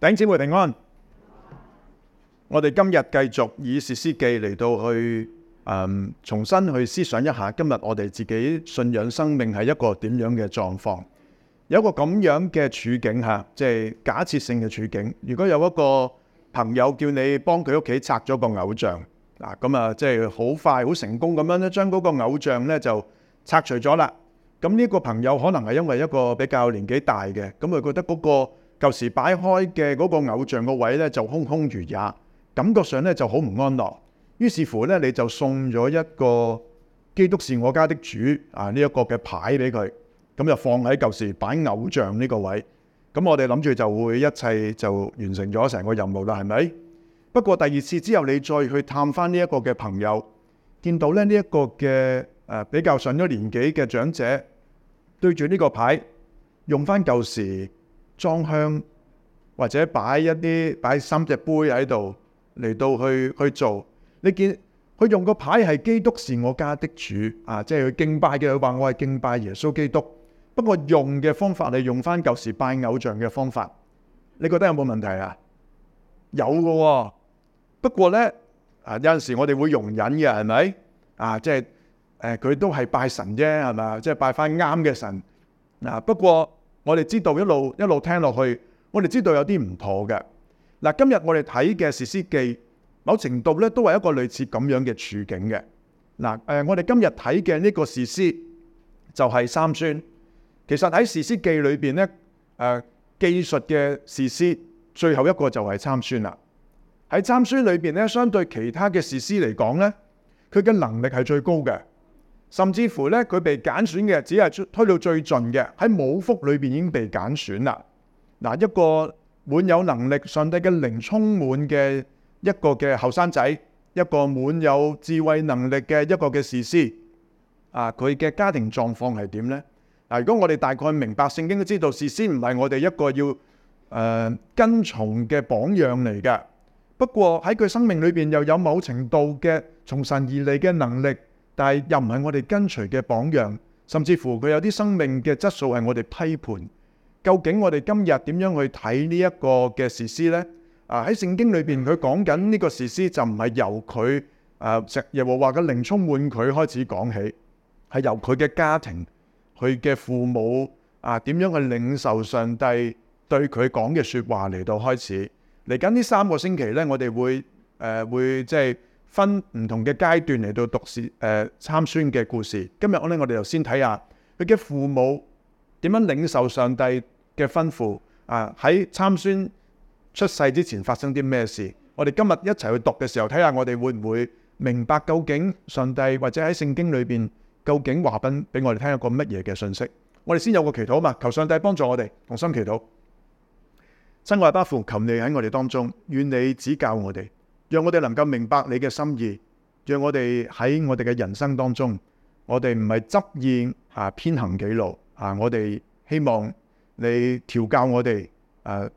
頂姊妹平安，我哋今日繼續以士師記嚟到去，嗯，重新去思想一下今日我哋自己信仰生命係一個點樣嘅狀況。有一個咁樣嘅處境吓，即係假設性嘅處境。如果有一個朋友叫你幫佢屋企拆咗個偶像嗱，咁啊，即係好快好成功咁樣咧，將嗰個偶像咧就拆除咗啦。咁呢個朋友可能係因為一個比較年紀大嘅，咁佢覺得嗰個。舊時擺開嘅嗰個偶像個位咧，就空空如也，感覺上咧就好唔安樂。於是乎咧，你就送咗一個基督是我家的主啊呢一個嘅牌俾佢，咁就放喺舊時擺偶像呢個位。咁我哋諗住就會一切就完成咗成個任務啦，係咪？不過第二次之後，你再去探翻呢一個嘅朋友，見到咧呢一個嘅誒比較上咗年紀嘅長者，對住呢個牌用翻舊時。裝香或者擺一啲擺三隻杯喺度嚟到去去做，你見佢用個牌係基督是我家的主啊，即係佢敬拜嘅，佢話我係敬拜耶穌基督。不過用嘅方法你用翻舊時拜偶像嘅方法，你覺得有冇問題啊？有㗎喎、哦，不過咧啊有陣時我哋會容忍嘅係咪啊？即係誒佢都係拜神啫，係咪啊？即係拜翻啱嘅神嗱、啊，不過。我哋知道一路一路聽落去，我哋知道有啲唔妥嘅。嗱，今日我哋睇嘅《士師記》，某程度咧都係一個類似咁樣嘅處境嘅。嗱，誒，我哋今日睇嘅呢個士師就係參孫。其實喺《士師記》裏邊咧，誒，技術嘅士師最後一個就係參孫啦。喺參孫裏邊咧，相對其他嘅士師嚟講咧，佢嘅能力係最高嘅。甚至乎咧，佢被揀選嘅只係推到最盡嘅，喺母腹裏邊已經被揀選啦。嗱，一個滿有能力上帝嘅靈充滿嘅一個嘅後生仔，一個滿有智慧能力嘅一個嘅士師。啊，佢嘅家庭狀況係點咧？嗱，如果我哋大概明白聖經都知道，士師唔係我哋一個要誒跟從嘅榜樣嚟嘅。不過喺佢生命裏邊又有某程度嘅從神而嚟嘅能力。但係又唔係我哋跟隨嘅榜樣，甚至乎佢有啲生命嘅質素係我哋批判。究竟我哋今日點樣去睇呢一個嘅士師咧？啊，喺聖經裏邊佢講緊呢個士師就唔係由佢誒神耶和華嘅靈充滿佢開始講起，係由佢嘅家庭、佢嘅父母啊點樣去領受上帝對佢講嘅說話嚟到開始。嚟緊呢三個星期咧，我哋會誒會即係。分唔同嘅階段嚟到讀事，誒、呃、參孫嘅故事。今日咧，我哋就先睇下佢嘅父母點樣領受上帝嘅吩咐啊！喺參孫出世之前發生啲咩事？我哋今日一齊去讀嘅時候，睇下我哋會唔會明白究竟上帝或者喺聖經裏邊究竟話俾我哋聽一個乜嘢嘅信息？我哋先有個祈禱嘛，求上帝幫助我哋同心祈禱。親愛嘅父，求你喺我哋當中，願你指教我哋。讓我哋能夠明白你嘅心意，讓我哋喺我哋嘅人生當中，我哋唔係執意啊偏行己路啊，我哋希望你調教我哋，啊，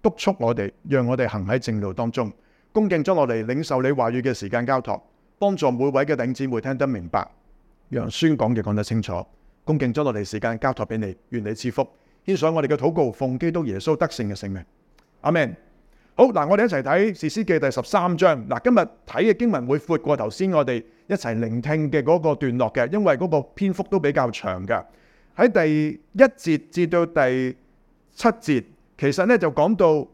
督促我哋，讓我哋行喺正路當中。恭敬將落嚟領受你話語嘅時間交託，幫助每位嘅弟兄姊妹聽得明白，讓宣講亦講得清楚。恭敬將落嚟時間交託俾你，願你賜福。獻上我哋嘅禱告，奉基督耶穌得勝嘅聖名，阿門。好嗱，我哋一齊睇《士師記》第十三章。嗱，今日睇嘅經文會闊過頭先我哋一齊聆聽嘅嗰個段落嘅，因為嗰個篇幅都比較長嘅。喺第一節至到第七節，其實咧就講到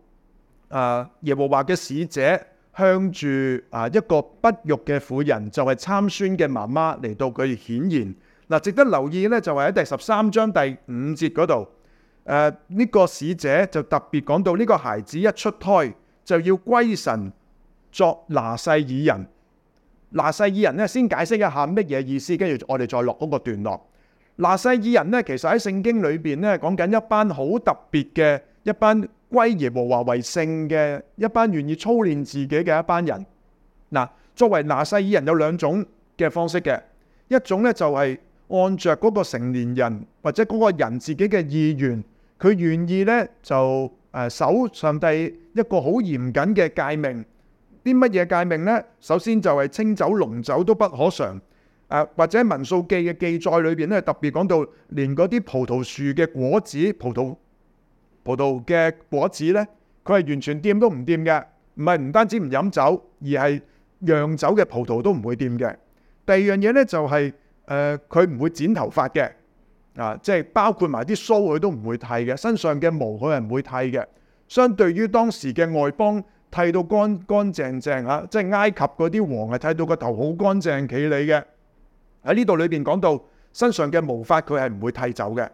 啊耶和華嘅使者向住啊一個不育嘅婦人，就係參孫嘅媽媽嚟到佢顯現。嗱、啊，值得留意咧就係、是、喺第十三章第五節嗰度。誒，呢、呃這個使者就特別講到呢個孩子一出胎就要歸神作拿細耳人。拿細耳人呢，先解釋一下乜嘢意思，跟住我哋再落嗰個段落。拿細耳人呢，其實喺聖經裏邊呢，講緊一班好特別嘅一班歸耶和華為聖嘅一班願意操練自己嘅一班人。嗱、呃，作為拿細耳人有兩種嘅方式嘅，一種呢，就係、是、按着嗰個成年人或者嗰個人自己嘅意願。佢願意咧就誒、啊、守上帝一個好嚴謹嘅誡命，啲乜嘢誡命呢？首先就係清酒、濃酒都不可嘗，誒、啊、或者民數記嘅記載裏邊咧特別講到，連嗰啲葡萄樹嘅果子、葡萄葡萄嘅果子咧，佢係完全掂都唔掂嘅，唔係唔單止唔飲酒，而係釀酒嘅葡萄都唔會掂嘅。第二樣嘢咧就係誒佢唔會剪頭髮嘅。啊，即係包括埋啲鬚佢都唔會剃嘅，身上嘅毛佢係唔會剃嘅。相對於當時嘅外邦剃到乾乾淨淨嚇，即係埃及嗰啲王係剃到個頭好乾淨企理嘅。喺呢度裏邊講到身上嘅毛髮佢係唔會剃走嘅。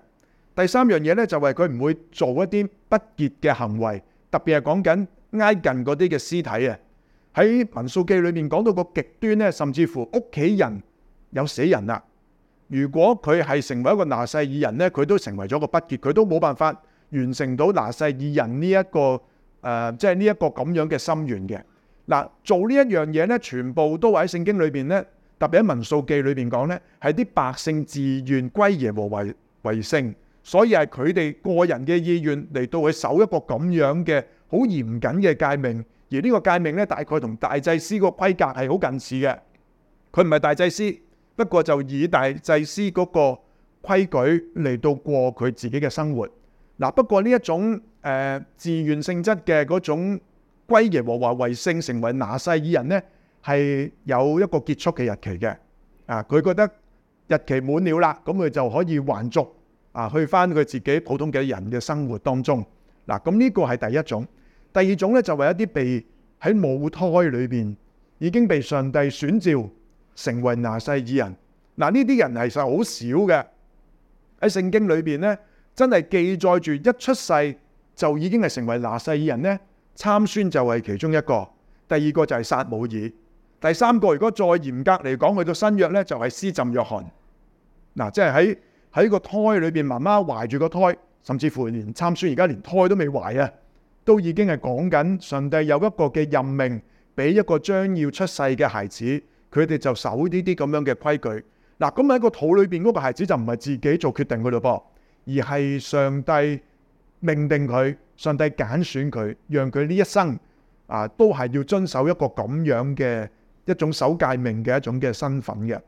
第三樣嘢咧就係佢唔會做一啲不潔嘅行為，特別係講緊挨近嗰啲嘅屍體啊。喺民數記裏面講到個極端咧，甚至乎屋企人有死人啦。如果佢係成為一個拿細耳人咧，佢都成為咗個不潔，佢都冇辦法完成到拿細耳人呢、這、一個誒，即係呢一個咁樣嘅心願嘅。嗱，做一呢一樣嘢咧，全部都喺聖經裏邊咧，特別喺民數記裏邊講咧，係啲百姓自願歸耶和為為聖，所以係佢哋個人嘅意願嚟到去守一個咁樣嘅好嚴謹嘅誡命，而個命呢個誡命咧大概同大祭司個規格係好近似嘅，佢唔係大祭司。不過就以大祭司嗰個規矩嚟到過佢自己嘅生活。嗱、啊，不過呢一種誒、呃、自願性質嘅嗰種歸耶和華為聖，成為拿撒耳人呢，係有一個結束嘅日期嘅。啊，佢覺得日期滿了啦，咁、嗯、佢就可以還俗啊，去翻佢自己普通嘅人嘅生活當中。嗱、啊，咁、嗯、呢、這個係第一種。第二種呢，就係、是、一啲被喺母胎裏邊已經被上帝選召。成為拿細耳人，嗱呢啲人係實好少嘅。喺聖經裏邊咧，真係記載住一出世就已經係成為拿細耳人咧。參孫就係其中一個，第二個就係撒母耳，第三個如果再嚴格嚟講，去到新約咧就係施浸約翰。嗱，即係喺喺個胎裏邊，媽媽懷住個胎，甚至乎連參孫而家連胎都未懷啊，都已經係講緊上帝有一個嘅任命，俾一個將要出世嘅孩子。佢哋就守呢啲咁樣嘅規矩，嗱咁喺個肚裏邊嗰個孩子就唔係自己做決定噶咯噃，而係上帝命定佢，上帝揀選佢，讓佢呢一生啊都係要遵守一個咁樣嘅一種守戒命嘅一種嘅身份嘅。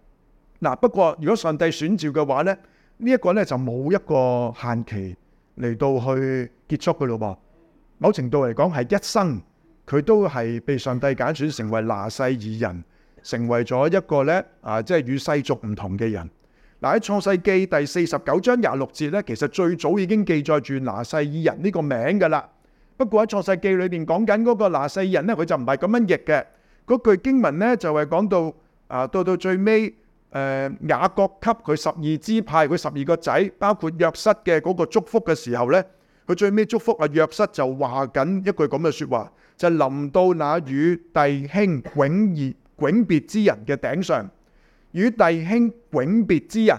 嗱不過如果上帝選召嘅話咧，呢、這、一個咧就冇一個限期嚟到去結束噶咯噃。某程度嚟講係一生，佢都係被上帝揀選成為拿細耳人。成為咗一個咧啊，即係與世俗唔同嘅人。嗱、啊、喺《創世記》第四十九章廿六節咧，其實最早已經記載住拿細耳人呢個名嘅啦。不過喺《創世記》裏邊講緊嗰個拿細耳人咧，佢就唔係咁樣譯嘅。嗰句經文咧就係講到啊，到到最尾，誒、呃、雅各給佢十二支派佢十二個仔，包括約瑟嘅嗰個祝福嘅時候咧，佢最尾祝福啊約瑟就話緊一句咁嘅説話，就係、是、臨到那與弟兄迥別，永別之人嘅頂上，與弟兄永別之人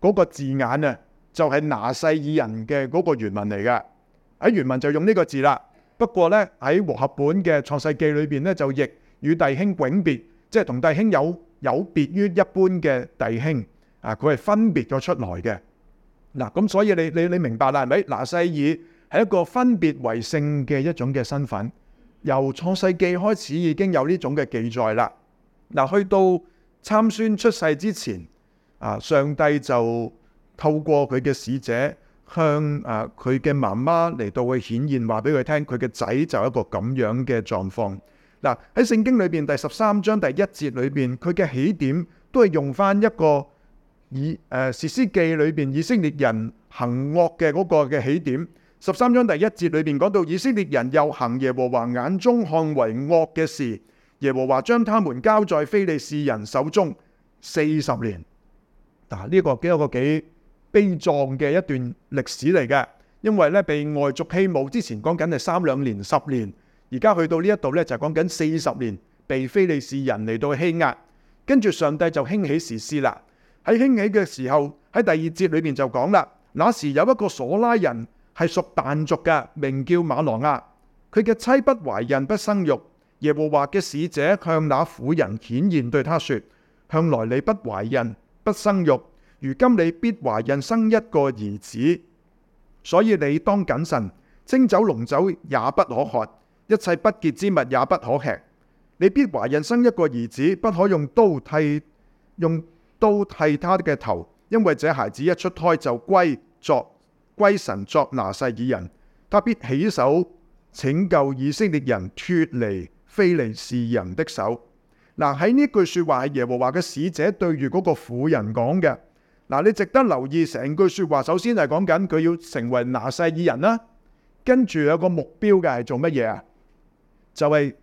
嗰、那個字眼啊，就係、是、拿撒爾人嘅嗰個原文嚟嘅。喺原文就用呢個字啦。不過呢，喺和合本嘅創世記裏邊呢，就亦與弟兄永別，即係同弟兄有有別於一般嘅弟兄啊，佢係分別咗出來嘅。嗱、啊，咁所以你你你明白啦，係咪？拿細耳係一個分別為聖嘅一種嘅身份，由創世記開始已經有呢種嘅記載啦。嗱，去到參孫出世之前，啊，上帝就透過佢嘅使者向啊佢嘅媽媽嚟到去顯現，話俾佢聽，佢嘅仔就一個咁樣嘅狀況。嗱，喺聖經裏邊第十三章第一節裏邊，佢嘅起點都係用翻一個以誒士師記裏邊以色列人行惡嘅嗰個嘅起點。十三章第一節裏邊講到以色列人又行耶和華眼中看為惡嘅事。耶和華將他們交在非利士人手中四十年，嗱呢個幾有個幾悲壯嘅一段歷史嚟嘅，因為咧被外族欺侮之前講緊係三兩年十年，而家去到呢一度咧就講緊四十年被非利士人嚟到欺壓，跟住上帝就興起士師啦。喺興起嘅時候，喺第二節裏面就講啦，那時有一個瑣拉人係屬但族嘅，名叫瑪挪亞，佢嘅妻不懷孕不生育。耶和華嘅使者向那婦人顯現，對他說：向來你不懷孕不生育，如今你必懷孕生一個兒子，所以你當謹慎，清酒濃酒也不可喝，一切不潔之物也不可吃。你必懷孕生一個兒子，不可用刀剃用刀剃他嘅頭，因為這孩子一出胎就歸作歸神作拿細耳人，他必起手拯救以色列人脫離，脫離非利士人的手，嗱，喺呢句說話係耶和華嘅使者對住嗰個婦人講嘅。嗱，你值得留意成句說話，首先係講緊佢要成為拿細耳人啦，跟住有個目標嘅係做乜嘢啊？就係、是、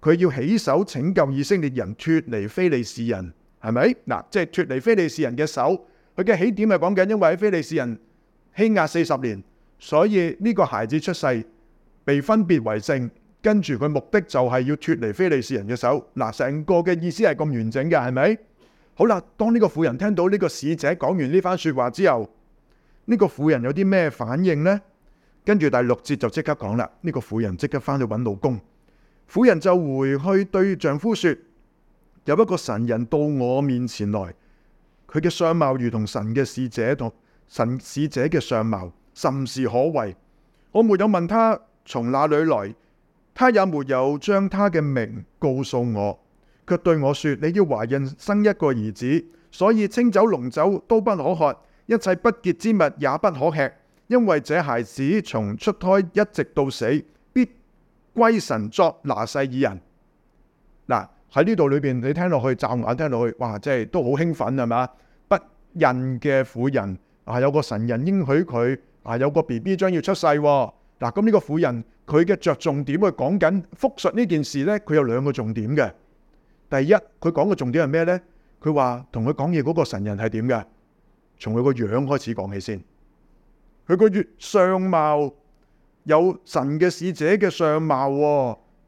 佢要起手拯救以色列人脫離非利士人，係咪？嗱，即係脫離非利士人嘅手。佢嘅起點係講緊，因為喺非利士人欺壓四十年，所以呢個孩子出世被分別為聖。跟住佢目的就係要脫離非利士人嘅手。嗱，成個嘅意思係咁完整嘅，係咪？好啦，當呢個婦人聽到呢個使者講完呢番說話之後，呢、這個婦人有啲咩反應呢？跟住第六節就即刻講啦，呢、這個婦人即刻翻去搵老公。婦人就回去對丈夫說：有一個神人到我面前來，佢嘅相貌如同神嘅使者同神使者嘅相貌甚是可畏。我沒有問他從哪裏來。他也沒有將他嘅名告訴我，卻對我說：你要懷孕生一個兒子，所以清酒、龍酒都不可喝，一切不潔之物也不可吃，因為這孩子從出胎一直到死，必歸神作拿細耳人。嗱，喺呢度裏邊，你聽落去，驟眼聽落去，哇，真係都好興奮係嘛？不孕嘅婦人啊，有個神人應許佢啊，有個 B B 將要出世喎。嗱，咁呢個婦人佢嘅着重點，去講緊複述呢件事咧，佢有兩個重點嘅。第一，佢講嘅重點係咩咧？佢話同佢講嘢嗰個神人係點嘅？從佢個樣開始講起先，佢個相貌有神嘅使者嘅相貌，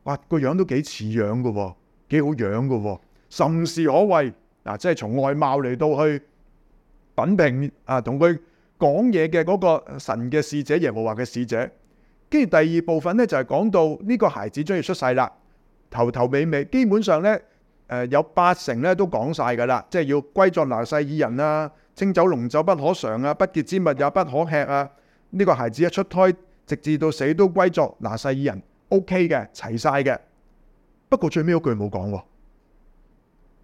哇，個樣都幾似樣嘅，哦，幾好樣嘅，哦，甚是可畏。嗱、啊，即係從外貌嚟，到去品評啊，同佢講嘢嘅嗰個神嘅使者，耶和華嘅使者。跟住第二部分咧，就係、是、講到呢個孩子將要出世啦，頭頭尾尾基本上咧，誒、呃、有八成咧都講晒噶啦，即係要歸作拿細耳人啊，清酒龍酒不可嘗啊，不潔之物也不可吃啊。呢、這個孩子一出胎，直至到死都歸作拿細耳人，O K 嘅，齊、OK、晒嘅。不過最尾嗰句冇講喎，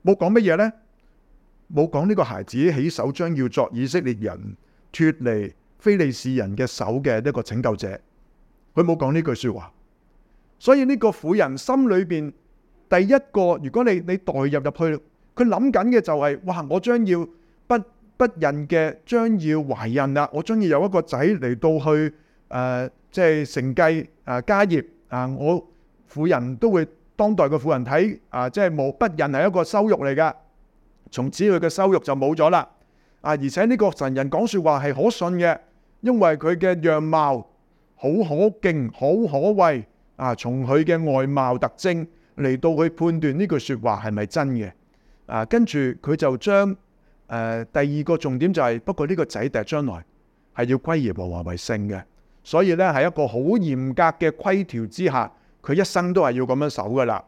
冇講乜嘢咧，冇講呢個孩子起首將要作以色列人脱離非利士人嘅手嘅一個拯救者。佢冇講呢句說話，所以呢個婦人心裏邊第一個，如果你你代入入去，佢諗緊嘅就係，哇！我將要不不孕嘅，將要懷孕啦，我將要有一個仔嚟到去誒，即係承繼啊家業啊。我婦人都會當代嘅婦人睇啊，即係冇不孕係一個羞辱嚟噶，從此佢嘅羞辱就冇咗啦。啊，而且呢個神人講說話係可信嘅，因為佢嘅樣貌。好可敬，好可畏啊！從佢嘅外貌特徵嚟到去判斷呢句說話係咪真嘅啊？跟住佢就將誒、呃、第二個重點就係、是，不過呢個仔弟將來係要歸耶和華為聖嘅，所以咧係一個好嚴格嘅規條之下，佢一生都係要咁樣守噶啦。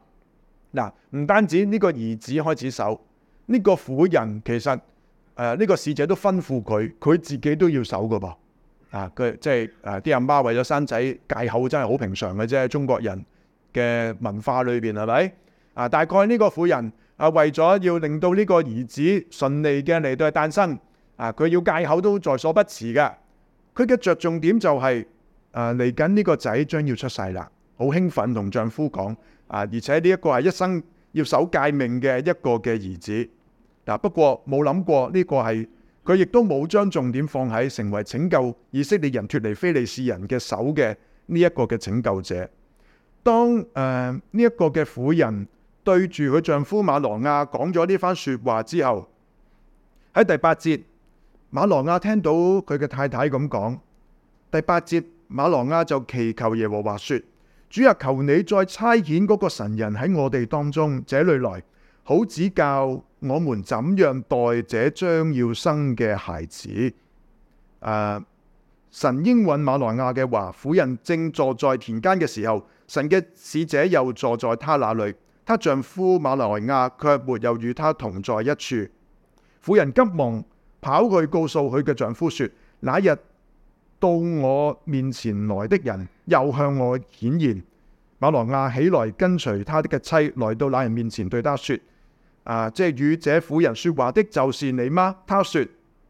嗱、啊，唔單止呢個兒子開始守，呢、這個婦人其實誒呢、啊，這個使者都吩咐佢，佢自己都要守噶噃。啊！佢即係啊，啲阿媽為咗生仔戒口，真係好平常嘅啫。中國人嘅文化裏面係咪？啊，大概呢個婦人啊，為咗要令到呢個兒子順利嘅嚟到去誕生，啊，佢要戒口都在所不辭㗎。佢嘅着重點就係、誒、啊，嚟緊呢個仔將要出世啦，好興奮同丈夫講啊，而且呢一個係一生要守戒命嘅一個嘅兒子。嗱、啊，不過冇諗過呢個係。佢亦都冇將重點放喺成為拯救以色列人脫離非利士人嘅手嘅呢一個嘅拯救者。當誒呢一個嘅婦人對住佢丈夫馬羅亞講咗呢番說話之後，喺第八節，馬羅亞聽到佢嘅太太咁講。第八節，馬羅亞就祈求耶和華說：主啊，求你再差遣嗰個神人喺我哋當中這裏來。好指教我們怎樣待這將要生嘅孩子。誒、啊，神應允瑪挪亞嘅話，婦人正坐在田間嘅時候，神嘅使者又坐在他那裏，她丈夫瑪挪亞卻沒有與他同在一處。婦人急忙跑去告訴佢嘅丈夫說，那日到我面前來的人又向我顯現。瑪挪亞起來跟隨他的嘅妻來到那人面前，對他說。啊！即係與這婦人說話的，就是你嗎？他說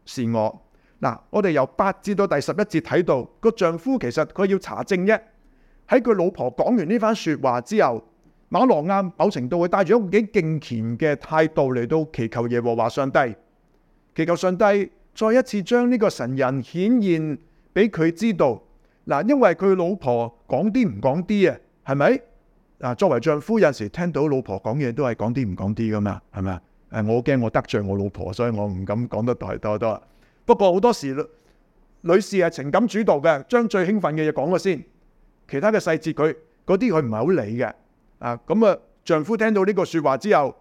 是我。嗱、啊，我哋由八至到第十一節睇到個丈夫，其實佢要查證一喺佢老婆講完呢番說話之後，馬羅啱某程度會帶住一種敬虔嘅態度嚟到祈求耶和華上帝，祈求上帝再一次將呢個神人顯現俾佢知道。嗱、啊，因為佢老婆講啲唔講啲啊，係咪？啊，作為丈夫有時聽到老婆講嘢都係講啲唔講啲㗎嘛，係咪啊？誒，我驚我得罪我老婆，所以我唔敢講得太多多多。不過好多時，女士係情感主導嘅，將最興奮嘅嘢講咗先，其他嘅細節佢嗰啲佢唔係好理嘅。啊，咁啊，丈夫聽到呢個説話之後，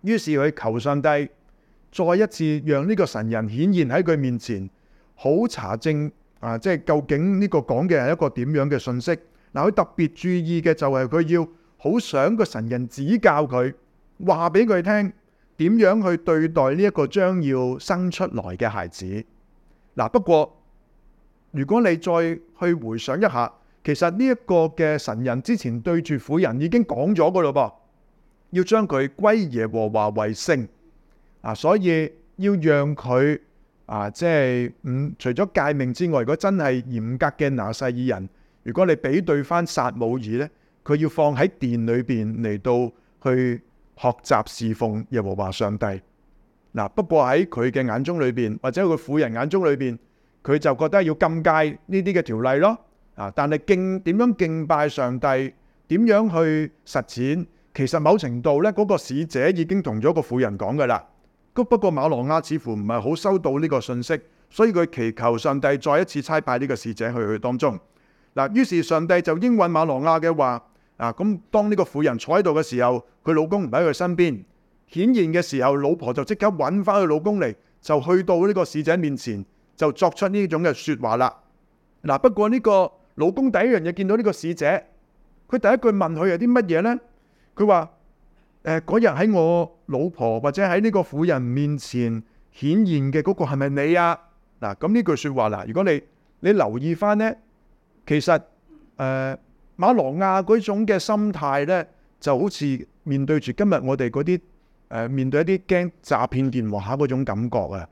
於是佢求上帝再一次讓呢個神人顯現喺佢面前，好查證啊，即係究竟呢個講嘅係一個點樣嘅信息。嗱，佢特別注意嘅就係佢要好想個神人指教佢，話俾佢聽點樣去對待呢一個將要生出來嘅孩子。嗱，不過如果你再去回想一下，其實呢一個嘅神人之前對住婦人已經講咗嘅嘞噃，要將佢歸耶和華為聖。嗱，所以要讓佢啊，即係唔除咗誡命之外，如果真係嚴格嘅拿細耳人。如果你比對翻撒母耳咧，佢要放喺殿裏邊嚟到去學習侍奉耶和華上帝。嗱，不過喺佢嘅眼中裏邊，或者佢婦人眼中裏邊，佢就覺得要禁戒呢啲嘅條例咯。啊，但係敬，點樣敬拜上帝，點樣去實踐，其實某程度咧，嗰、嗰個使者已經同咗個婦人講噶啦不過瑪挪亞似乎唔係好收到呢個信息，所以佢祈求上帝再一次差派呢個使者去佢當中。嗱，於是上帝就應允瑪挪亞嘅話。啊，咁當呢個婦人坐喺度嘅時候，佢老公唔喺佢身邊顯現嘅時候，老婆就即刻揾翻佢老公嚟，就去到呢個使者面前，就作出呢種嘅説話啦。嗱，不過呢個老公第一樣嘢見到呢個使者，佢第一句問佢係啲乜嘢呢？佢話：誒、呃，嗰日喺我老婆或者喺呢個婦人面前顯現嘅嗰個係咪你啊？嗱，咁呢句説話啦，如果你你留意翻呢。其實誒、呃、馬羅亞嗰種嘅心態咧，就好似面對住今日我哋嗰啲誒面對一啲驚詐騙電話嗰種感覺啊，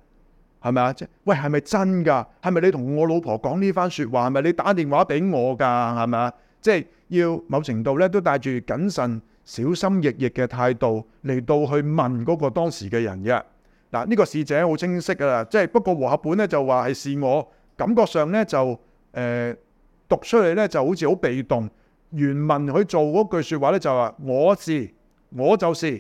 係咪啊？即喂，係咪真㗎？係咪你同我老婆講呢番説話？係咪你打電話俾我㗎？係咪啊？即係要某程度咧都帶住謹慎、小心翼翼嘅態度嚟到去問嗰個當時嘅人嘅。嗱，呢個使者好清晰㗎啦，即係不過和合本咧就話係是我，感覺上咧就誒。呃讀出嚟咧就好似好被動。原文佢做嗰句說話咧就話，我是我就是。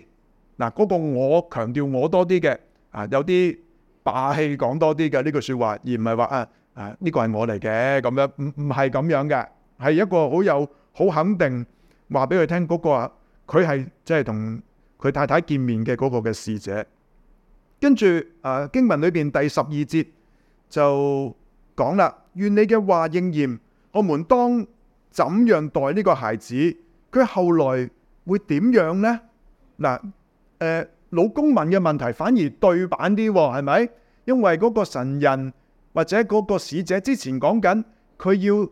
嗱，嗰個我強調我多啲嘅啊，有啲霸氣講多啲嘅呢句說話，而唔係話啊啊呢個係我嚟嘅咁樣，唔唔係咁樣嘅，係一個好有好肯定話俾佢聽嗰個佢係即係同佢太太見面嘅嗰個嘅使者。跟住啊經文裏邊第十二節就講啦，願你嘅話應驗。我們當怎樣待呢個孩子，佢後來會點樣呢？嗱，誒，老公問嘅問題反而對版啲，係咪？因為嗰個神人或者嗰個使者之前講緊，佢要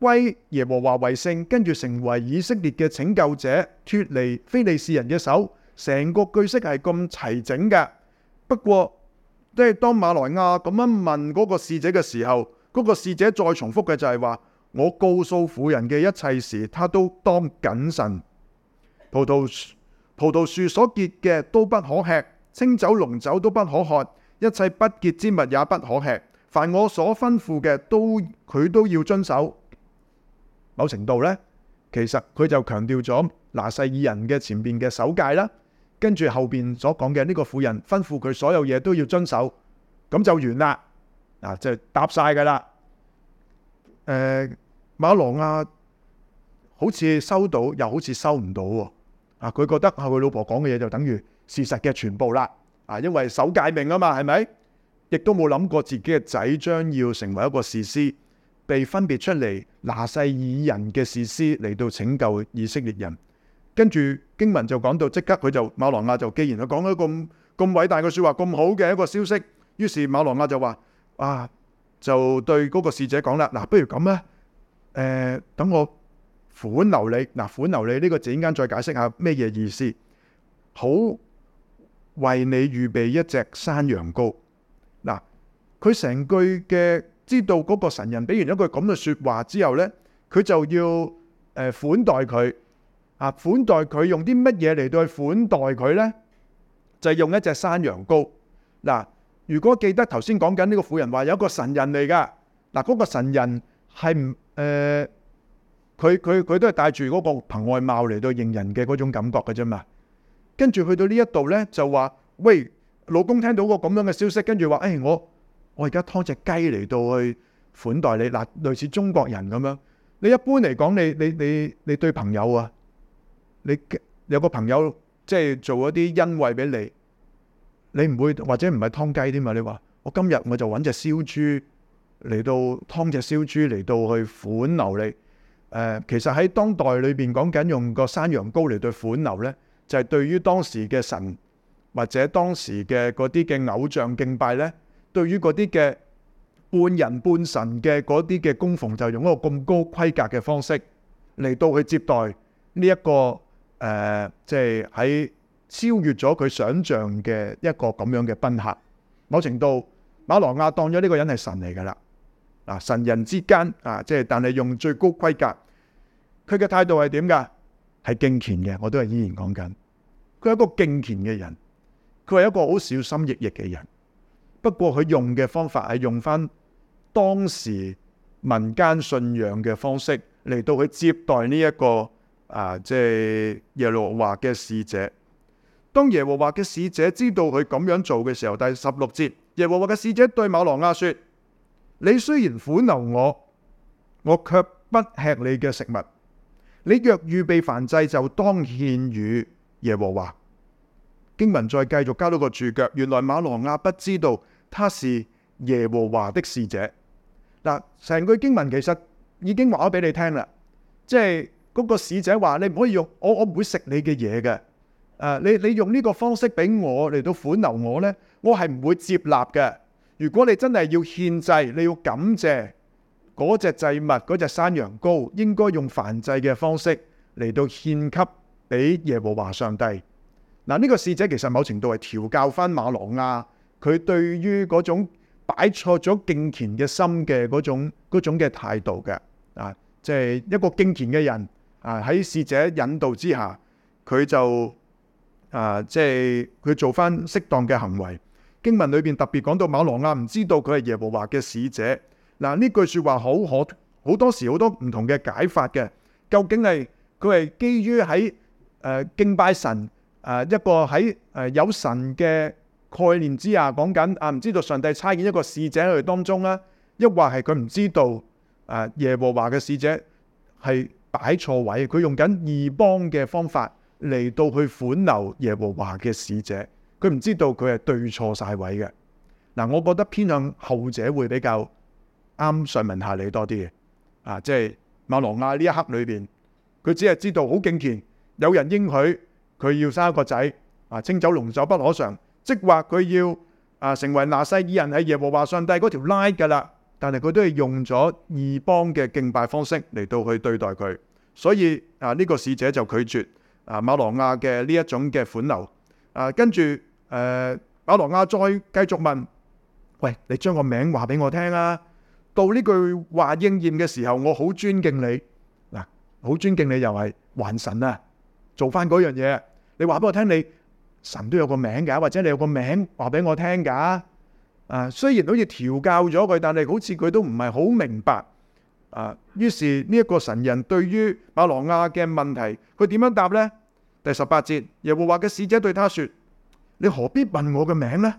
歸耶和華為聖，跟住成為以色列嘅拯救者，脱離非利士人嘅手，成個句式係咁齊整嘅。不過，即係當瑪挪亞咁樣問嗰個使者嘅時候，嗰個使者再重複嘅就係話。我告訴婦人嘅一切事，他都當謹慎。葡萄樹、葡萄樹所結嘅都不可吃，清酒濃酒都不可喝，一切不潔之物也不可吃。凡我所吩咐嘅，都佢都要遵守。某程度呢，其實佢就強調咗拿細耳人嘅前邊嘅首戒啦，跟住後邊所講嘅呢個婦人吩咐佢所有嘢，都要遵守，咁就完啦，嗱、啊、就答晒噶啦，誒、呃。馬瑪挪亞好似收到，又好似收唔到喎。啊，佢覺得係佢老婆講嘅嘢就等於事實嘅全部啦。啊，因為守誡命啊嘛，係咪？亦都冇諗過自己嘅仔將要成為一個士師，被分別出嚟拿細耳人嘅士師嚟到拯救以色列人。跟住經文就講到就，即刻佢就馬瑪挪亞就既然佢講咗咁咁偉大嘅說話，咁好嘅一個消息，於是馬瑪挪亞就話，啊，就對嗰個使者講啦，嗱、啊，不如咁啦。誒、呃，等我款留你嗱、啊，款留你呢個字陣間再解釋下咩嘢意思。好為你預備一隻山羊羔嗱，佢、啊、成句嘅知道嗰個神人俾完一句咁嘅說話之後咧，佢就要誒、呃、款待佢啊，款待佢用啲乜嘢嚟到去款待佢咧？就用一隻山羊羔嗱、啊。如果記得頭先講緊呢個婦人話有一個神人嚟噶嗱，嗰、啊那個神人係唔？誒，佢佢佢都係帶住嗰個憑外貌嚟到認人嘅嗰種感覺嘅啫嘛。跟住去到呢一度咧，就話：喂，老公聽到個咁樣嘅消息，跟住話：誒、欸，我我而家劏隻雞嚟到去款待你。嗱，類似中國人咁樣。你一般嚟講，你你你你對朋友啊，你,你有個朋友即係做一啲恩惠俾你，你唔會或者唔係劏雞添嘛？你話我今日我就搵隻燒豬。嚟到劏隻燒豬嚟到去款留你，誒、呃、其實喺當代裏邊講緊用個山羊羔嚟對款留咧，就係、是、對於當時嘅神或者當時嘅嗰啲嘅偶像敬拜咧，對於嗰啲嘅半人半神嘅嗰啲嘅供奉，就用一個咁高規格嘅方式嚟到去接待呢、這個呃就是、一個誒，即係喺超越咗佢想象嘅一個咁樣嘅賓客。某程度瑪挪亞當咗呢個人係神嚟㗎喇。嗱、啊、神人之間啊，即係但係用最高規格，佢嘅態度係點噶？係敬虔嘅，我都係依然講緊。佢係一個敬虔嘅人，佢係一個好小心翼翼嘅人。不過佢用嘅方法係用翻當時民間信仰嘅方式嚟到去接待呢、這、一個啊，即係耶和華嘅使者。當耶和華嘅使者知道佢咁樣做嘅時候，第十六節，耶和華嘅使者對瑪挪亞說。你雖然款留我，我卻不吃你嘅食物。你若預備燔祭，就當獻與耶和華。經文再繼續加多個註腳，原來瑪挪亞不知道他是耶和華的使者。嗱，成句經文其實已經話咗俾你聽啦，即係嗰個使者話：你唔可以用我，我唔會食你嘅嘢嘅。誒，你你用呢個方式俾我嚟到款留我咧，我係唔會接納嘅。如果你真係要獻祭，你要感謝嗰隻祭物、嗰隻山羊羔，應該用燔祭嘅方式嚟到獻給俾耶和華上帝。嗱，呢個使者其實某程度係調教翻瑪挪亞，佢對於嗰種擺錯咗敬虔嘅心嘅嗰種嗰種嘅態度嘅啊，即係一個敬虔嘅人啊，喺使者引導之下，佢就啊，即係佢做翻適當嘅行為。經文裏邊特別講到瑪挪亞唔知道佢係耶和華嘅使者。嗱，呢句說話好可好多時好多唔同嘅解法嘅，究竟係佢係基於喺誒敬拜神誒一個喺誒有神嘅概念之下講緊啊唔知道上帝差遣一個使者去當中啦，抑或係佢唔知道誒耶和華嘅使者係擺錯位，佢用緊異邦嘅方法嚟到去款留耶和華嘅使者。佢唔知道佢係對錯晒位嘅。嗱，我覺得偏向後者會比較啱上文下理多啲嘅，啊，即、就、係、是、馬羅亞呢一刻裏邊，佢只係知道好敬虔，有人應許佢要生一個仔，啊，清酒濃酒不可嘗，即係話佢要啊成為拿細耳人，喺耶和華上帝嗰條 line 噶啦。但係佢都係用咗異邦嘅敬拜方式嚟，到去對待佢，所以啊呢、這個使者就拒絕啊馬羅亞嘅呢一種嘅款留。啊，跟住誒、呃、馬羅亞再繼續問：「喂，你將個名話俾我聽啊。」到呢句話應驗嘅時候，我好尊敬你。嗱、啊，好尊敬你又係還神啊，做翻嗰樣嘢。你話俾我聽你，你神都有個名㗎，或者你有個名話俾我聽、啊、㗎。啊，雖然好似調教咗佢，但係好似佢都唔係好明白。啊，於是呢一個神人對於馬羅亞嘅問題，佢點樣答咧？第十八節，耶和華嘅使者對他說：你何必問我嘅名呢？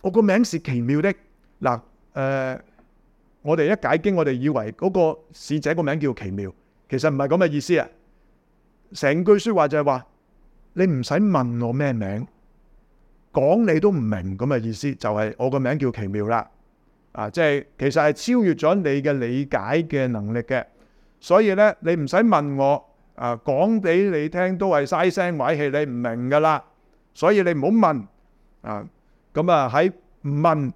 我個名是奇妙的。嗱，誒，我哋一解經，我哋以為嗰個使者個名叫奇妙，其實唔係咁嘅意思啊。成句說話就係話，你唔使問我咩名，講你都唔明咁嘅意思，就係、是、我個名叫奇妙啦。啊，即係其實係超越咗你嘅理解嘅能力嘅，所以咧，你唔使問我。啊，講俾你聽都係嘥聲壞氣，你唔明噶啦，所以你唔好問啊。咁啊喺唔問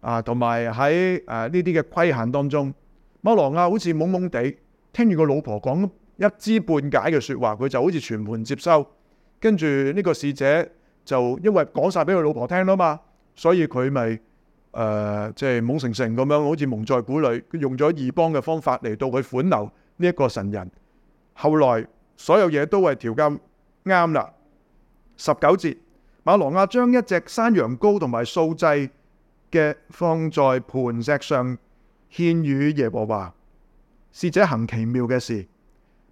啊，同埋喺誒呢啲嘅規限當中，瑪挪亞好似懵懵地聽住個老婆講一知半解嘅説話，佢就好似全盤接收。跟住呢個使者就因為講曬俾佢老婆聽啦嘛，所以佢咪誒即係懵成成咁樣，好似蒙在鼓裏。佢用咗異邦嘅方法嚟到去款留呢一個神人。後來所有嘢都係調校啱啦。十九節，馬羅亞將一隻山羊羔同埋素祭嘅放在磐石上獻與耶和華。使者行奇妙嘅事。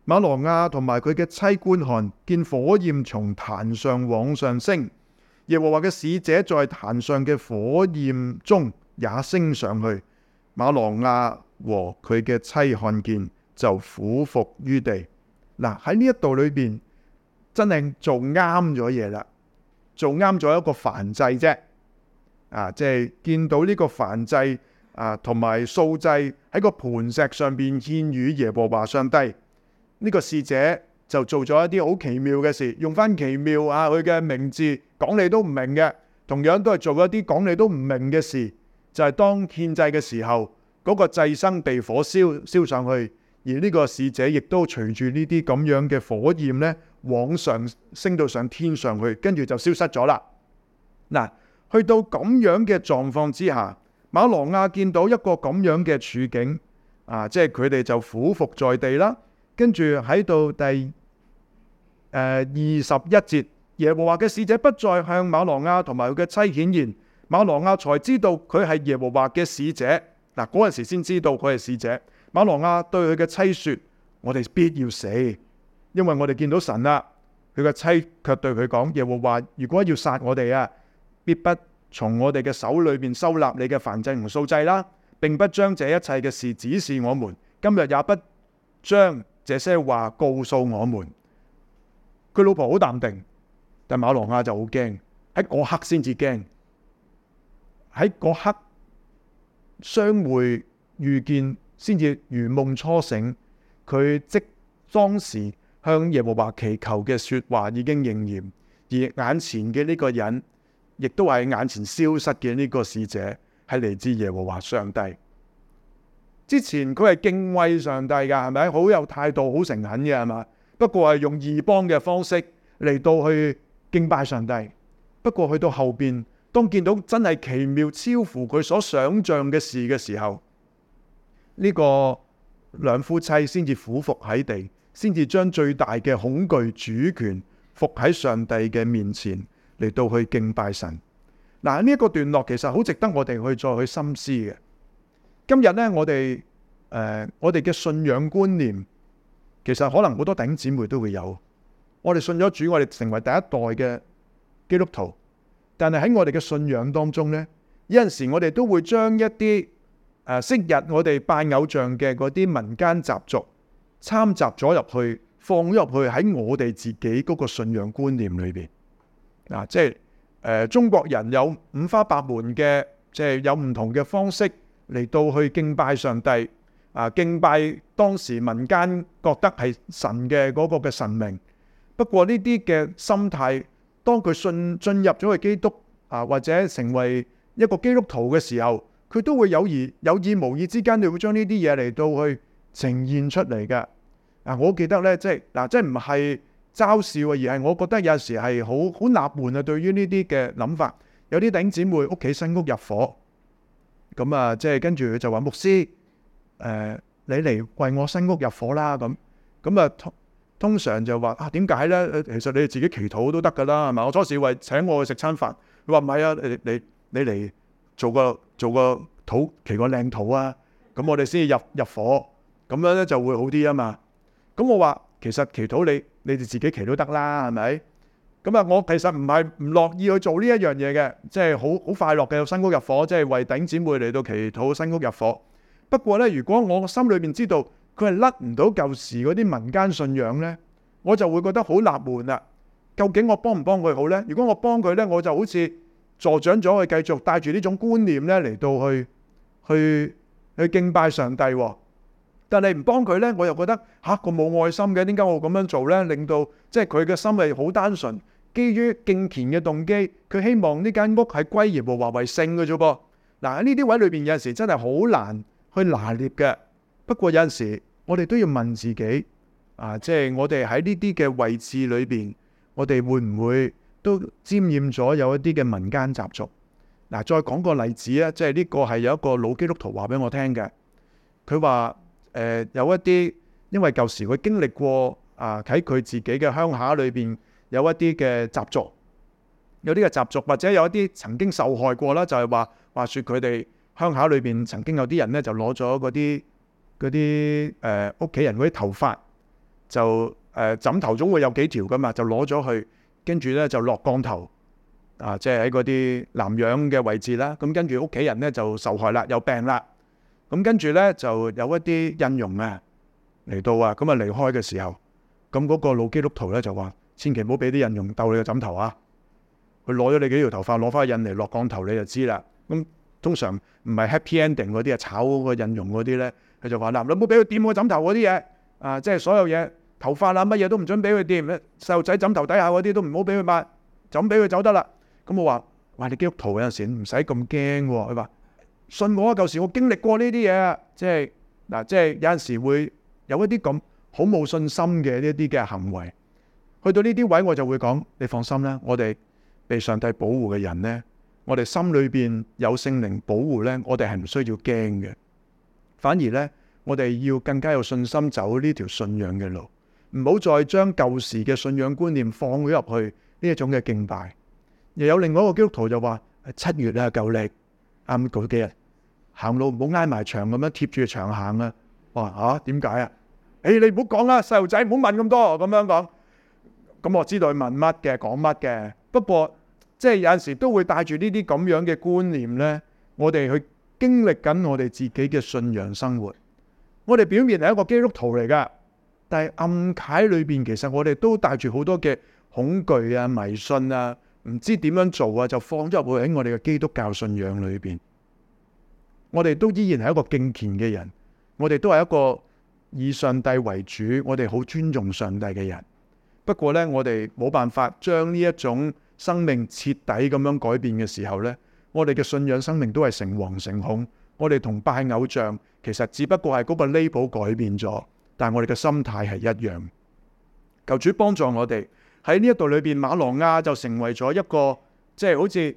馬羅亞同埋佢嘅妻觀看，見火焰從壇上往上升，耶和華嘅使者在壇上嘅火焰中也升上去。馬羅亞和佢嘅妻看見就俯伏於地。嗱，喺呢一度裏邊，真係做啱咗嘢啦，做啱咗一個燔祭啫。啊，即係見到呢個燔祭啊，同埋素祭喺個磐石上邊獻與耶和華上帝。呢個使者就做咗一啲好奇妙嘅事，用返奇妙啊，佢嘅名字講你都唔明嘅，同樣都係做一啲講你都唔明嘅事。就係當獻祭嘅時候，嗰個祭牲被火燒燒上去。而呢個使者亦都隨住呢啲咁樣嘅火焰咧，往上升到上天上去，跟住就消失咗啦。嗱，去到咁樣嘅狀況之下，瑪挪亞見到一個咁樣嘅處境，啊，即係佢哋就俯伏在地啦，跟住喺度第誒二十一節，耶和華嘅使者不再向瑪挪亞同埋佢嘅妻顯現，瑪挪亞才知道佢係耶和華嘅使者。嗱，嗰陣時先知道佢係使者。馬挪亞對佢嘅妻說：我哋必要死，因為我哋見到神啦。佢嘅妻卻對佢講：耶和華如果要殺我哋啊，必不從我哋嘅手裏邊收納你嘅燔祭同素祭啦，並不將這一切嘅事指示我們，今日也不將這些話告訴我們。佢老婆好淡定，但馬挪亞就好驚。喺嗰刻先至驚，喺嗰刻相會遇見。先至如夢初醒，佢即當時向耶和華祈求嘅說話已經應驗，而眼前嘅呢個人，亦都係眼前消失嘅呢個使者，係嚟自耶和華上帝。之前佢係敬畏上帝噶，係咪？好有態度，好誠懇嘅，係嘛？不過係用異邦嘅方式嚟到去敬拜上帝。不過去到後邊，當見到真係奇妙超乎佢所想象嘅事嘅時候。呢個兩夫妻先至俯伏喺地，先至將最大嘅恐懼主權服喺上帝嘅面前，嚟到去敬拜神。嗱，呢一個段落其實好值得我哋去再去深思嘅。今日咧，我哋誒、呃，我哋嘅信仰觀念其實可能好多頂姊妹都會有。我哋信咗主，我哋成為第一代嘅基督徒，但係喺我哋嘅信仰當中咧，有陣時我哋都會將一啲。誒昔日我哋拜偶像嘅嗰啲民間習俗參雜咗入去，放咗入去喺我哋自己嗰個信仰觀念裏邊。啊，即係誒中國人有五花八門嘅，即係有唔同嘅方式嚟到去敬拜上帝。啊，敬拜當時民間覺得係神嘅嗰個嘅神明。不過呢啲嘅心態，當佢信進入咗去基督啊，或者成為一個基督徒嘅時候。佢都會有意有意無意之間，你會將呢啲嘢嚟到去呈現出嚟㗎。我記得咧，即係嗱，即係唔係嘲笑啊，而係我覺得有時係好好納悶啊。對於呢啲嘅諗法，有啲頂姊妹屋企新屋入伙，咁啊，即係跟住佢就話牧師，呃、你嚟為我新屋入伙啦。咁咁啊，通通常就話啊，點解咧？其實你哋自己祈禱都得噶啦，係咪？我初時為請我去食餐飯，佢話唔係啊，你你你嚟做個。做個土祈個靚土啊，咁我哋先要入入伙，咁樣咧就會好啲啊嘛。咁我話其實祈禱你你哋自己祈都得啦，係咪？咁啊，我其實唔係唔樂意去做呢一樣嘢嘅，即係好好快樂嘅新屋入伙，即係為頂姊妹嚟到祈禱新屋入伙。不過咧，如果我心裏面知道佢係甩唔到舊時嗰啲民間信仰咧，我就會覺得好納悶啦。究竟我幫唔幫佢好咧？如果我幫佢咧，我就好似...助長咗佢繼續帶住呢種觀念咧嚟到去去去敬拜上帝，但係你唔幫佢咧，我又覺得嚇佢冇愛心嘅，點解我咁樣做咧？令到即係佢嘅心係好單純，基於敬虔嘅動機，佢希望呢間屋係歸耶和華為聖嘅啫噃。嗱，喺呢啲位裏邊有陣時真係好難去拿捏嘅。不過有陣時我哋都要問自己啊，即係我哋喺呢啲嘅位置裏邊，我哋會唔會？都沾染咗有一啲嘅民間習俗。嗱，再講個例子啊，即係呢個係有一個老基督徒話俾我聽嘅。佢話誒有一啲，因為舊時佢經歷過啊，喺佢自己嘅鄉下裏邊有一啲嘅習俗，有啲嘅習俗或者有一啲曾經受害過啦，就係、是、話話説佢哋鄉下裏邊曾經有啲人咧就攞咗嗰啲嗰啲誒屋企人嗰啲頭髮，就誒、呃、枕頭總會有幾條㗎嘛，就攞咗去。跟住咧就落降頭啊，即係喺嗰啲南洋嘅位置啦。咁、啊、跟住屋企人咧就受害啦，有病啦。咁、啊、跟住咧就有一啲印傭啊嚟到啊，咁啊離開嘅時候，咁嗰個老基督徒咧就話：千祈唔好俾啲印傭逗你個枕頭啊！佢攞咗你幾條頭髮，攞翻印尼落降頭，你就知啦。咁、啊、通常唔係 happy ending 嗰啲啊，炒嗰個印傭嗰啲咧，佢就話嗱，你唔好俾佢掂我枕頭嗰啲嘢啊！即係所有嘢。頭髮啦，乜嘢都唔准俾佢掂咧。細路仔枕頭底下嗰啲都唔好俾佢抹，就咁俾佢走得啦。咁我話：哇！你基督徒有陣時唔使咁驚喎。佢話：信我啊，舊時我經歷過呢啲嘢啊，即係嗱，即係有陣時會有一啲咁好冇信心嘅呢啲嘅行為。去到呢啲位我就會講：你放心啦，我哋被上帝保護嘅人咧，我哋心裏面有聖靈保護咧，我哋係唔需要驚嘅。反而咧，我哋要更加有信心走呢條信仰嘅路。唔好再將舊時嘅信仰觀念放咗入去呢一種嘅敬拜，又有另外一個基督徒就話：七月啊，舊曆啱嗰幾日行路唔好挨埋牆，咁樣貼住牆行啊！哇嚇，點解啊？誒，你唔好講啦，細路仔唔好問咁多，咁樣講。咁我知道佢問乜嘅，講乜嘅。不過即係有陣時都會帶住呢啲咁樣嘅觀念咧，我哋去經歷緊我哋自己嘅信仰生活。我哋表面係一個基督徒嚟噶。但係暗解裏邊，其實我哋都帶住好多嘅恐懼啊、迷信啊，唔知點樣做啊，就放咗入去喺我哋嘅基督教信仰裏邊。我哋都依然係一個敬虔嘅人，我哋都係一個以上帝為主，我哋好尊重上帝嘅人。不過咧，我哋冇辦法將呢一種生命徹底咁樣改變嘅時候咧，我哋嘅信仰生命都係誠惶誠恐。我哋同拜偶像其實只不過係嗰個 label 改變咗。但係我哋嘅心態係一樣，求主幫助我哋喺呢一度裏邊，瑪挪亞就成為咗一個即係好似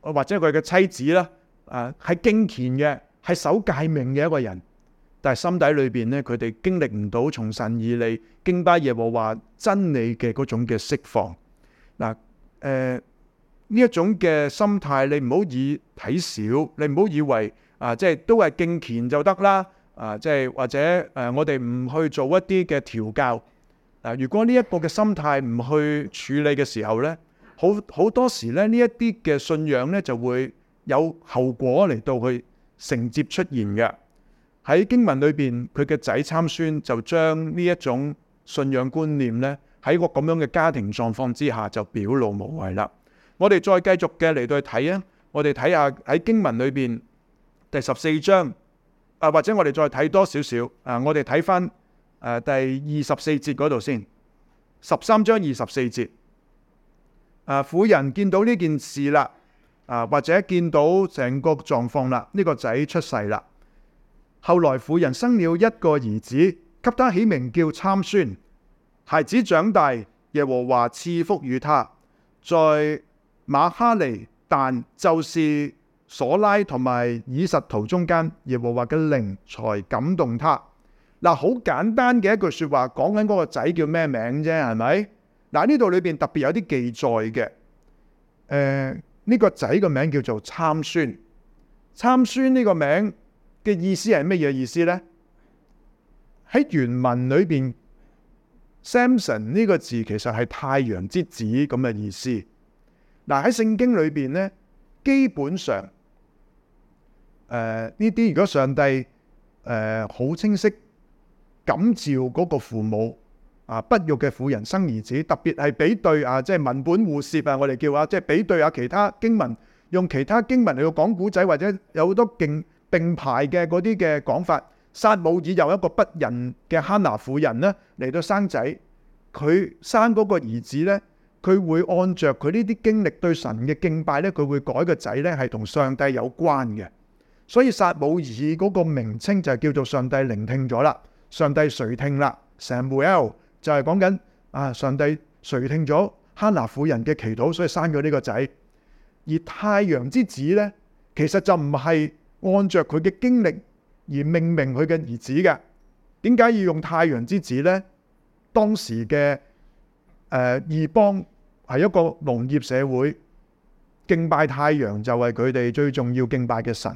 或者佢嘅妻子啦，誒，係敬虔嘅，係守誡命嘅一個人。但係心底裏邊咧，佢哋經歷唔到從神以嚟敬拜耶和華真理嘅嗰種嘅釋放。嗱，誒，呢一種嘅心態，你唔好以睇少，你唔好以為啊，即係都係敬虔就得啦。啊，即係或者誒，我哋唔去做一啲嘅調教嗱。如果呢一個嘅心態唔去處理嘅時候咧，好好多時咧，呢一啲嘅信仰咧就會有後果嚟到去承接出現嘅。喺經文裏邊，佢嘅仔參孫就將呢一種信仰觀念咧，喺個咁樣嘅家庭狀況之下就表露無遺啦。我哋再繼續嘅嚟到去睇啊，我哋睇下喺經文裏邊第十四章。啊，或者我哋再睇多少少，啊，我哋睇翻誒第二十四節嗰度先，十三章二十四節，啊，婦人見到呢件事啦，啊，或者見到整個狀況啦，呢個仔出世啦，後來婦人生了一個兒子，給他起名叫參孫，孩子長大，耶和華賜福與他，在瑪哈尼但就是。索拉同埋以實圖中間，耶和華嘅靈才感動他。嗱、啊，好簡單嘅一句說話，講緊嗰個仔叫咩名啫，係咪？嗱、啊，呢度裏邊特別有啲記載嘅。誒、呃，呢、這個仔個名叫做參孫。參孫呢個名嘅意思係乜嘢意思呢？喺原文裏邊，Samson 呢個字其實係太陽之子咁嘅意思。嗱、啊、喺聖經裏邊咧，基本上。誒呢啲如果上帝誒好、呃、清晰感召嗰個父母啊，不育嘅婦人生兒子，特別係比對啊，即係文本互士涉。啊，我哋叫啊，即係比對啊其他經文，用其他經文嚟到講古仔，或者有好多並並排嘅嗰啲嘅講法。撒母耳又一個不仁嘅哈拿婦人咧嚟到生仔，佢生嗰個兒子咧，佢會按著佢呢啲經歷對神嘅敬拜咧，佢會改個仔咧係同上帝有關嘅。所以撒母耳嗰個名稱就係叫做上帝聆聽咗啦，上帝垂聽啦，Samuel 就係講緊啊上帝垂聽咗哈拿婦人嘅祈禱，所以生咗呢個仔。而太陽之子呢，其實就唔係按著佢嘅經歷而命名佢嘅兒子嘅。點解要用太陽之子呢？當時嘅誒異邦係一個農業社會，敬拜太陽就係佢哋最重要敬拜嘅神。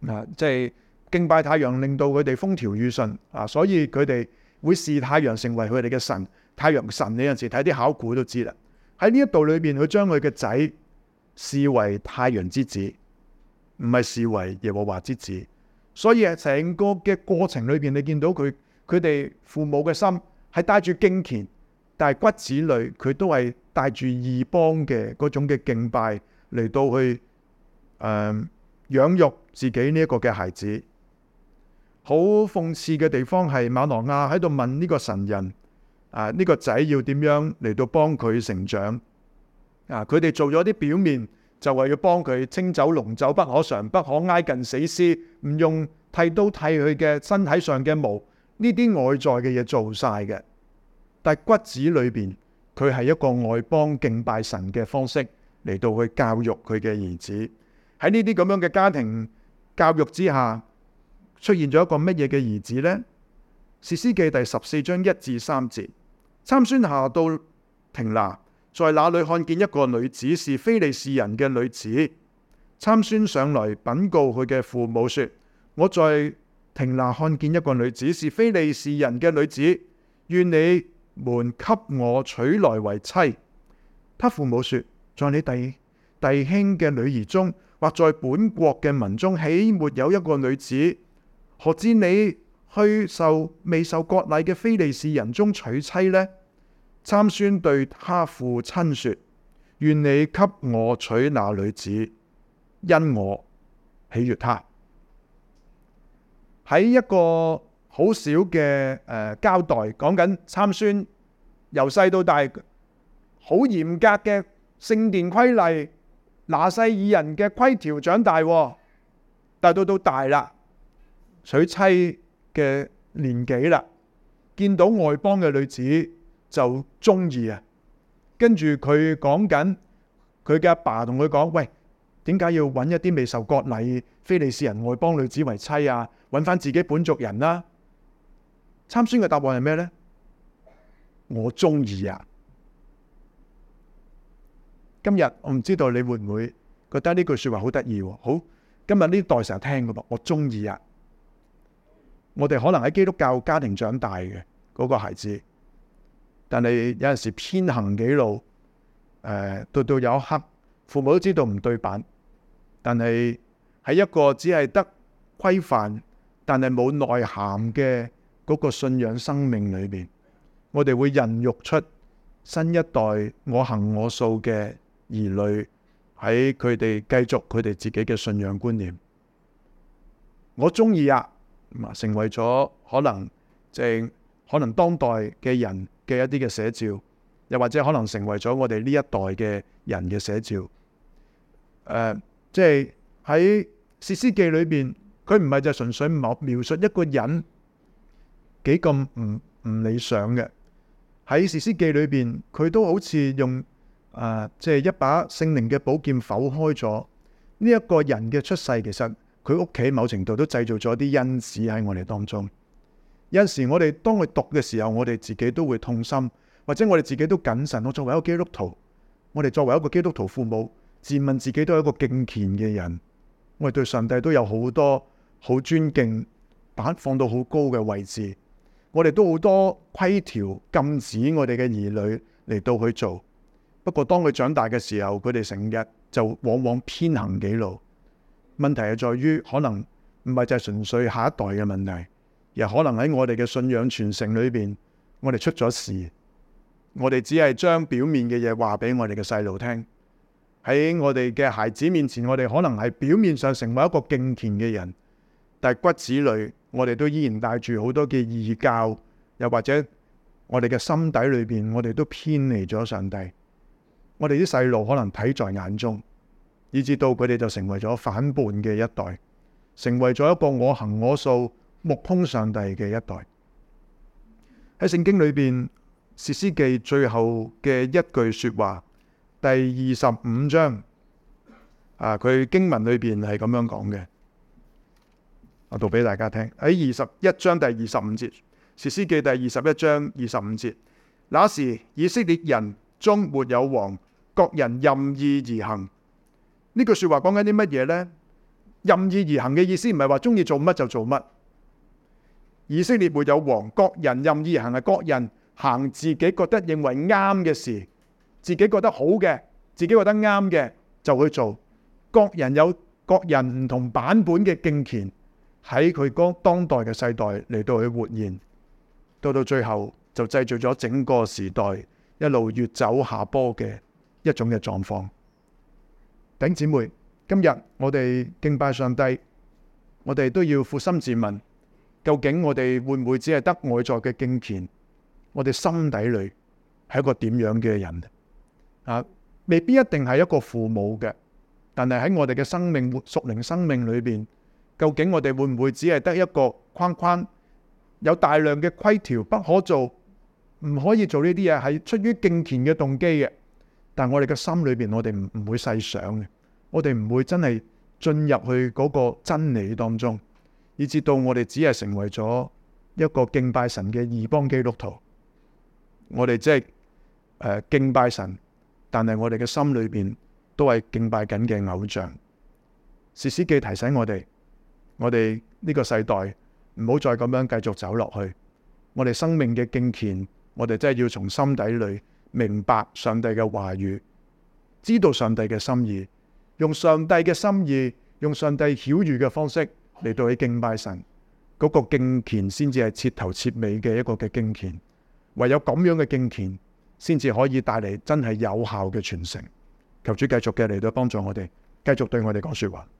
嗱，即係、啊就是、敬拜太陽，令到佢哋風調雨順啊！所以佢哋會視太陽成為佢哋嘅神，太陽神。你有陣時睇啲考古都知啦。喺呢一度裏邊，佢將佢嘅仔視為太陽之子，唔係視為耶和華之子。所以成、啊、個嘅過程裏邊，你見到佢佢哋父母嘅心係帶住敬虔，但係骨子裏佢都係帶住異邦嘅嗰種嘅敬拜嚟到去誒。嗯養育自己呢一個嘅孩子，好諷刺嘅地方係馬諾亞喺度問呢個神人啊，呢、這個仔要點樣嚟到幫佢成長啊？佢哋做咗啲表面就話要幫佢清酒濃酒不可嘗，不可挨近死屍，唔用剃刀剃佢嘅身體上嘅毛，呢啲外在嘅嘢做晒嘅，但是骨子裏邊佢係一個外邦敬拜神嘅方式嚟到去教育佢嘅兒子。喺呢啲咁樣嘅家庭教育之下，出現咗一個乜嘢嘅兒子呢？士師記第十四章一至三節，參孫下到亭拿，在那裏看見一個女子，是非利士人嘅女子。參孫上來禀告佢嘅父母說：我在亭拿看見一個女子，是非利士人嘅女子，願你們給我取來為妻。他父母說：在你弟弟兄嘅女兒中。或在本國嘅民中豈沒有一個女子？何致你去受未受割禮嘅非利士人中娶妻呢？參孫對他父親說：願你給我娶那女子，因我喜悅她。喺一個好少嘅誒交代，講緊參孫由細到大好嚴格嘅聖殿規例。拿細耳人嘅規條長大，但係到到大啦，娶妻嘅年紀啦，見到外邦嘅女子就中意啊！說爸爸跟住佢講緊，佢嘅阿爸同佢講，喂，點解要揾一啲未受國禮、非利士人外邦女子為妻啊？揾返自己本族人啦，啊！參孫嘅答案係咩呢？我中意啊！今日我唔知道你會唔會覺得呢句說話好得意？好，今日呢代成日聽噶噃，我中意啊！我哋可能喺基督教家庭長大嘅嗰個孩子，但係有陣時偏行己路，誒、呃，到到有一刻父母都知道唔對版，但係喺一個只係得規範，但係冇內涵嘅嗰個信仰生命裏邊，我哋會孕育出新一代我行我素嘅疑慮喺佢哋繼續佢哋自己嘅信仰觀念，我中意啊，成為咗可能即係可能當代嘅人嘅一啲嘅寫照，又或者可能成為咗我哋呢一代嘅人嘅寫照。誒、呃，即係喺《士師記》裏邊，佢唔係就純粹描描述一個人幾咁唔唔理想嘅。喺《士師記》裏邊，佢都好似用。誒，即係、啊，就是，一把聖靈嘅寶劍剖開咗呢一個人嘅出世，其實佢屋企某程度都製造咗啲因子喺我哋當中。有陣時我哋當佢讀嘅時候，我哋自己都會痛心，或者我哋自己都謹慎。我作為一個基督徒，我哋作為一個基督徒父母，自問自己都係一個敬虔嘅人，我哋對上帝都有好多好尊敬，把放到好高嘅位置。我哋都好多規條禁止我哋嘅兒女嚟到去做。不過，當佢長大嘅時候，佢哋成日就往往偏行己路。問題係在於，可能唔係淨係純粹下一代嘅問題，而可能喺我哋嘅信仰傳承裏邊，我哋出咗事。我哋只係將表面嘅嘢話俾我哋嘅細路聽。喺我哋嘅孩子面前，我哋可能係表面上成為一個敬虔嘅人，但係骨子裏，我哋都依然帶住好多嘅異教，又或者我哋嘅心底裏邊，我哋都偏離咗上帝。我哋啲細路可能睇在眼中，以至到佢哋就成為咗反叛嘅一代，成為咗一個我行我素、目空上帝嘅一代。喺聖經裏邊，士師記最後嘅一句說話，第二十五章啊，佢經文裏邊係咁樣講嘅。我讀俾大家聽喺二十一章第二十五節，士師記第二十一章二十五節，那時以色列人中沒有王，各人任意而行，呢句說話講緊啲乜嘢呢？任意而行嘅意思唔係話中意做乜就做乜。以色列沒有王，各人任意而行係各人行自己覺得認為啱嘅事，自己覺得好嘅，自己覺得啱嘅就去做。各人有各人唔同版本嘅敬虔，喺佢當當代嘅世代嚟到去活現，到到最後就製造咗整個時代一路越走下坡嘅。一種嘅狀況，頂姊妹，今日我哋敬拜上帝，我哋都要捫心自問，究竟我哋會唔會只係得外在嘅敬虔？我哋心底裏係一個點樣嘅人啊？未必一定係一個父母嘅，但係喺我哋嘅生命活屬靈生命裏邊，究竟我哋會唔會只係得一個框框？有大量嘅規條不可做，唔可以做呢啲嘢，係出於敬虔嘅動機嘅。但我哋嘅心裏邊，我哋唔唔會細想嘅，我哋唔會真係進入去嗰個真理當中，以至到我哋只係成為咗一個敬拜神嘅異邦基督徒。我哋即係，誒，敬拜神，但係我哋嘅心裏邊都係敬拜緊嘅偶像。士師記提醒我哋，我哋呢個世代唔好再咁樣繼續走落去。我哋生命嘅敬虔，我哋真係要從心底裏。明白上帝嘅話語，知道上帝嘅心意，用上帝嘅心意，用上帝曉諭嘅方式嚟到去敬拜神，嗰個敬虔先至係徹頭徹尾嘅一個嘅敬虔，唯有咁樣嘅敬虔，先至可以帶嚟真係有效嘅傳承。求主繼續嘅嚟到幫助我哋，繼續對我哋講說話。